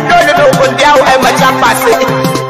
no no no go there, I'm a jump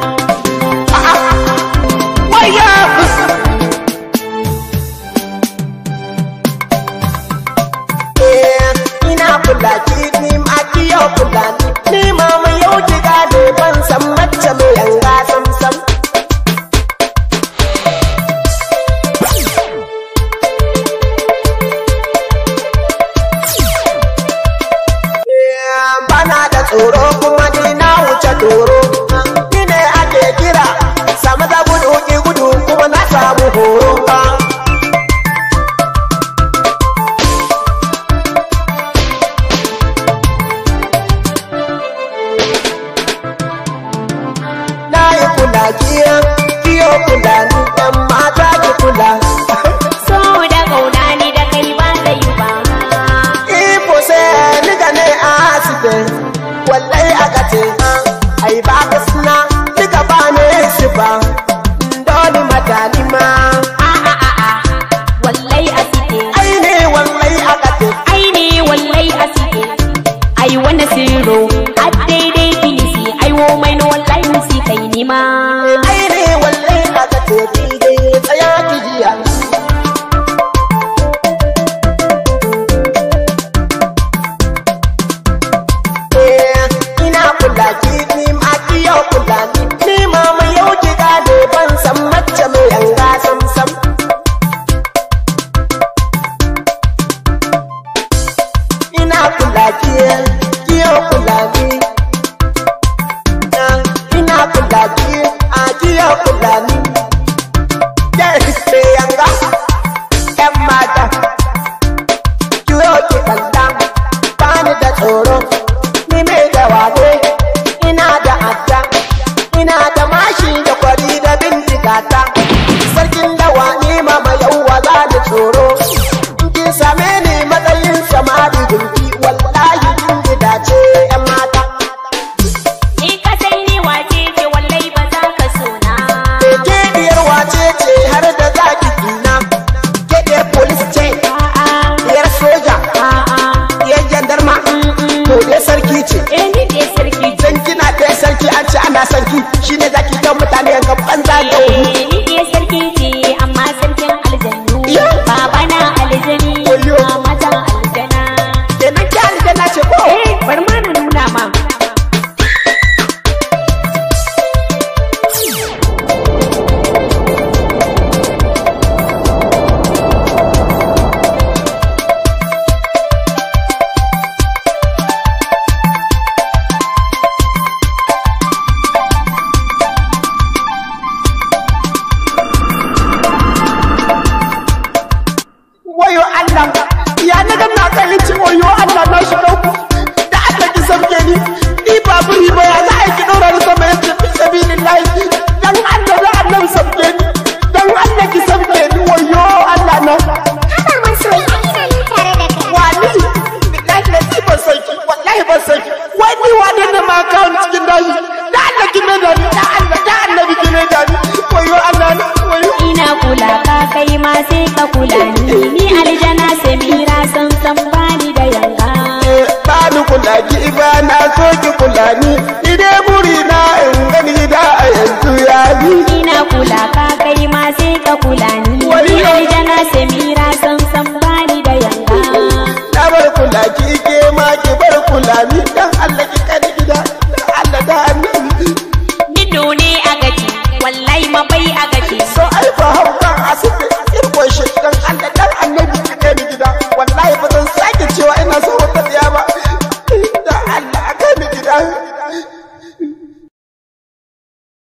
fatima a'a ah, a'a ah, ah, wallai asite ai ne wallai akate ai ne daidai kinisi ai wo mai nima ai piel. kula ka kai ma sai ka kula ni ni aljana samira san san bani da yanka eh, bani kula ki ba na so ki kula ni ide buri na in gani da a yanzu ya ni ina kula ka kai ma sai ka kula ni ni aljana samira